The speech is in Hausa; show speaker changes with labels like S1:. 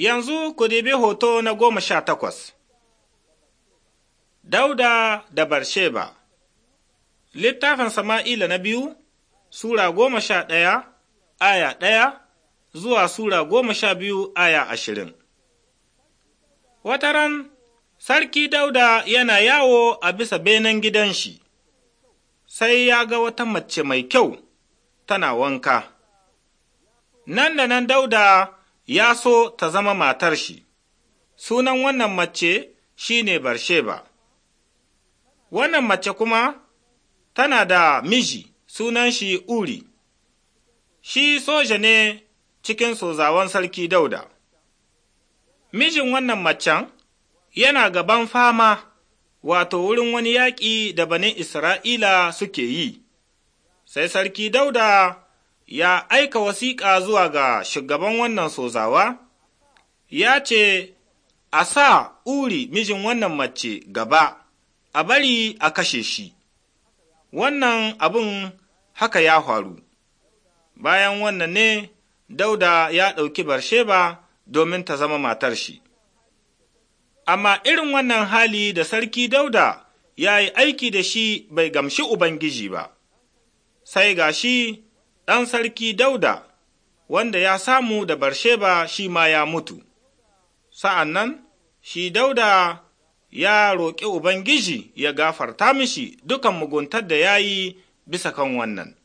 S1: Yanzu ku dibi hoto na goma sha takwas. Dauda da Barsheba Littafin Sama'ila na biyu, Sura goma sha ɗaya, aya ɗaya, zuwa Sura goma sha biyu, aya ashirin. Wataran, Sarki Dauda yana yawo a bisa benen gidan shi, sai ya ga wata mace mai kyau tana wanka. Nan da nan Dauda ya so ta zama matar shi, sunan wannan mace shi ne Barsheba. Wannan mace kuma tana da miji sunan shi Uri, shi soja ne cikin sozawan sarki Dauda. Mijin wannan macen yana gaban fama wato wurin wani yaƙi da banin Isra'ila suke yi, sai sarki Dauda ya aika wasiƙa zuwa ga shugaban wannan sozawa, ya ce, A sa uri mijin wannan mace gaba, a bari a kashe shi, wannan abin haka ya faru. Bayan wannan ne, Dauda ya ɗauki Barsheba domin ta zama matar shi. Amma irin wannan hali da sarki Dauda ya yi aiki da shi bai gamshi Ubangiji ba, sai ga shi ɗan sarki Dauda, wanda ya samu da Barsheba shi ma ya mutu. Sa'an nan, shi Dauda ya roƙi Ubangiji ya gafarta mishi dukan muguntar da ya yi bisa kan wannan.